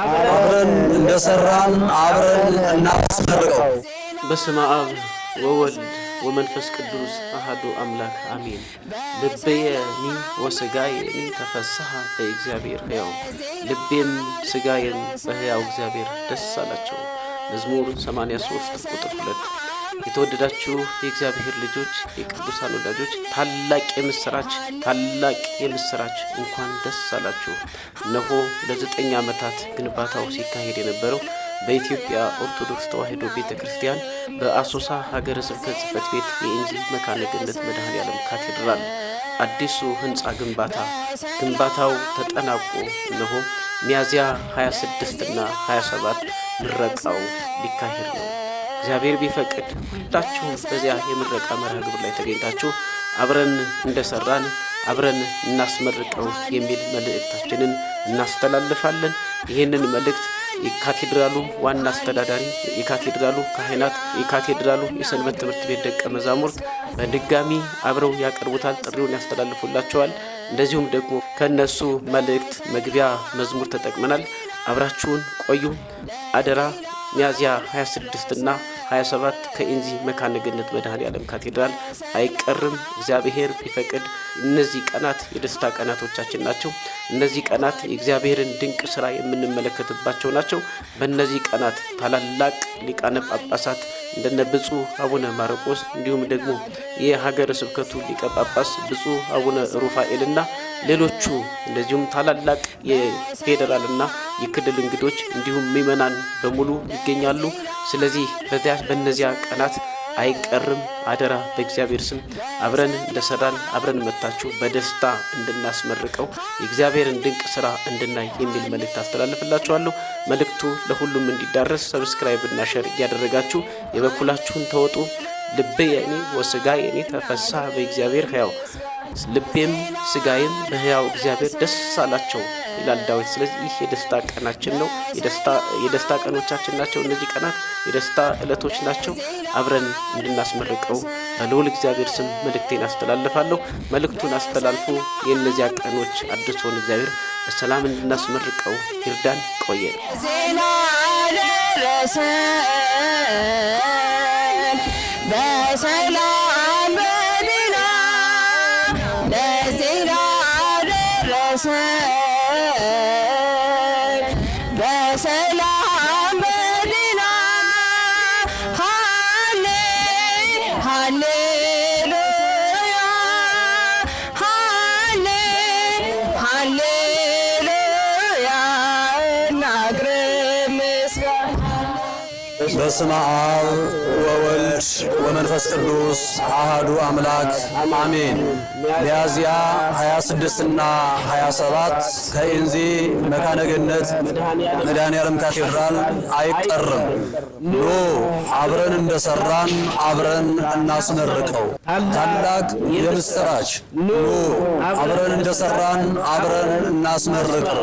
አብረን እንደሰራን አብረን እናስመርቀው። በስመ አብ ወወልድ ወመንፈስ ቅዱስ አሐዱ አምላክ አሜን። ልቤየኒ ወሥጋየኒ ተፈስሐ በእግዚአብሔር ሕያው፣ ልቤም ሥጋዬም በሕያው እግዚአብሔር ደስ አላቸው። መዝሙር 83 ቁጥር 2 የተወደዳችሁ የእግዚአብሔር ልጆች፣ የቅዱሳን ወዳጆች ታላቅ የምስራች ታላቅ የምስራች እንኳን ደስ አላችሁ። እነሆ ለዘጠኝ ዓመታት ግንባታው ሲካሄድ የነበረው በኢትዮጵያ ኦርቶዶክስ ተዋሕዶ ቤተ ክርስቲያን በአሶሳ ሀገረ ስብከት ጽሕፈት ቤት የእንጂል መካነ ገነት መድኃኔዓለም ካቴድራል አዲሱ ህንፃ ግንባታ ግንባታው ተጠናቆ እነሆ ሚያዝያ 26 እና 27 ምረቃው ሊካሄድ ነው። እግዚአብሔር ቢፈቅድ ሁላችሁም በዚያ የምረቃ መርሃ ግብር ላይ ተገኝታችሁ አብረን እንደሰራን አብረን እናስመርቀው የሚል መልእክታችንን እናስተላልፋለን። ይህንን መልእክት የካቴድራሉ ዋና አስተዳዳሪ፣ የካቴድራሉ ካህናት፣ የካቴድራሉ የሰንበት ትምህርት ቤት ደቀ መዛሙርት በድጋሚ አብረው ያቀርቡታል፣ ጥሪውን ያስተላልፉላቸዋል። እንደዚሁም ደግሞ ከእነሱ መልእክት መግቢያ መዝሙር ተጠቅመናል። አብራችሁን ቆዩ። አደራ ሚያዝያ 26 እና 27 ከኢንዚ መካነ ገነት ዓለም ካቴድራል አይቀርም። እግዚአብሔር ቢፈቅድ እነዚህ ቀናት የደስታ ቀናቶቻችን ናቸው። እነዚህ ቀናት የእግዚአብሔርን ድንቅ ስራ የምንመለከትባቸው ናቸው። በእነዚህ ቀናት ታላላቅ ሊቃነ ጳጳሳት እንደነ ብፁዕ አቡነ ማርቆስ እንዲሁም ደግሞ የሀገረ ስብከቱ ሊቀ ጳጳስ ብፁዕ አቡነ ሩፋኤልና ሌሎቹ እንደዚሁም ታላላቅ የፌዴራልና የክልል እንግዶች እንዲሁም ምዕመናን በሙሉ ይገኛሉ። ስለዚህ በእነዚያ ቀናት አይቀርም። አደራ በእግዚአብሔር ስም አብረን እንደሰራን አብረን መታችሁ በደስታ እንድናስመርቀው የእግዚአብሔርን ድንቅ ስራ እንድናይ የሚል መልእክት አስተላልፍላችኋለሁ። መልእክቱ ለሁሉም እንዲዳረስ ሰብስክራይብ እና ሸር እያደረጋችሁ የበኩላችሁን ተወጡ። ልቤ የእኔ ወስጋ የእኔ ተፈሳ በእግዚአብሔር ሕያው ልቤም ስጋዬም በሕያው እግዚአብሔር ደስ አላቸው። ይላል ዳዊት። ስለዚህ ይህ የደስታ ቀናችን ነው፣ የደስታ ቀኖቻችን ናቸው። እነዚህ ቀናት የደስታ እለቶች ናቸው። አብረን እንድናስመርቀው በልዑል እግዚአብሔር ስም መልእክቴን አስተላልፋለሁ። መልእክቱን አስተላልፎ የእነዚያ ቀኖች አዲስ ሆን እግዚአብሔር በሰላም እንድናስመርቀው ይርዳን። ቆየ በስመ አብ ወወልድ ወመንፈስ ቅዱስ አህዱ አምላክ አሜን። ሚያዝያ 26ና 27 ከኢንዚ መካነ ገነት መድኃኔ ካቴድራል አይቀርም። ኑ አብረን እንደሰራን አብረን እናስመርቀው። ታላቅ የምስራች ኑ አብረን እንደሰራን አብረን እናስመርቀው።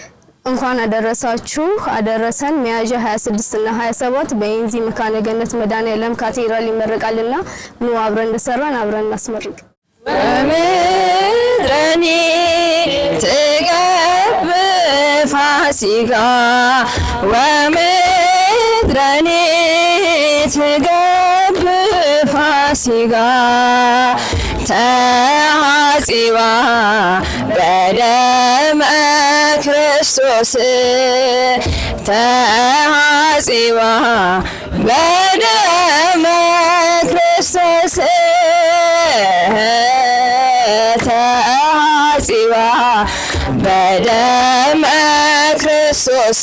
እንኳን አደረሳችሁ አደረሰን። ሚያዝያ 26 እና 27 በኢንዚ መካነ ገነት መድኃኔዓለም ካቴድራል ይመረቃልና ኑ አብረን እንደሰራን አብረን እናስመርቅ። በምድረኒ ትገብ ፋሲካ ወምድረኒ ትገብ ፋሲካ ተሐጺባ በደመ ክርስቶስ ተሐጺባ በደመ ክርስቶስ ተሐጺባ በደመ ክርስቶስ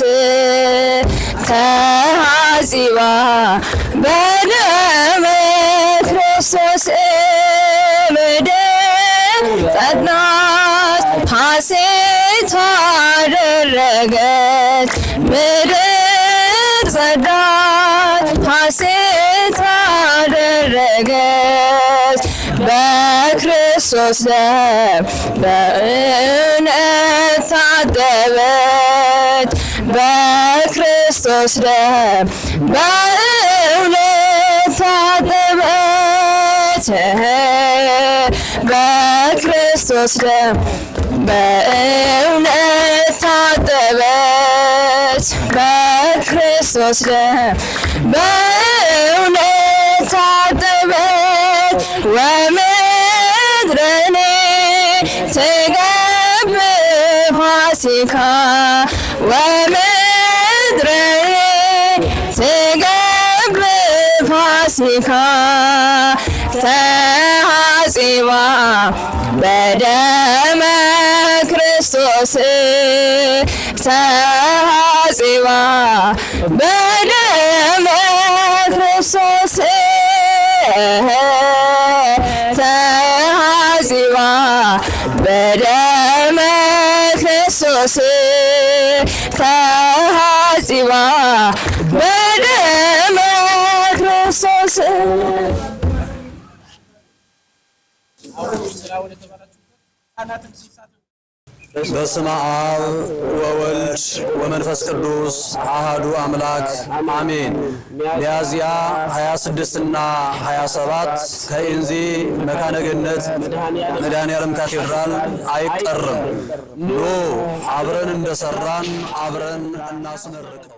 ተሐጺባ በደመ ክርስቶስ ምድር ጸናች ሐሴ ጠረገች፣ ምድር ጸዳች፣ ሐሴት አደረገች። በክርስቶስ ደም በእውነት ታጠበች፣ በክርስቶስ ደም በእውነት ታጠበች፣ በክርስቶስ ደም በእውነት ታጠበች በክርስቶስ ደም በእውነት ታጠበች ወምድረኔ ትገብ ፋሲካ ወምድረኔ ትገብ ፋሲካ ተሐጺባ በደመ ክርስቶስ ተሐጽባ በደመ ክርስቶስ ተሐጽባ በደመ ክርስቶስ ተሐጽባ በደመ ክርስቶስ በስመ አብ ወወልድ ወመንፈስ ቅዱስ አሃዱ አምላክ አሜን። ሚያዝያ 26ና 27 ከኢንዚ መካነ ገነት መድኃኔዓለም ካቴድራል አይቀርም። ኑ አብረን እንደሰራን አብረን እናስመርቅ።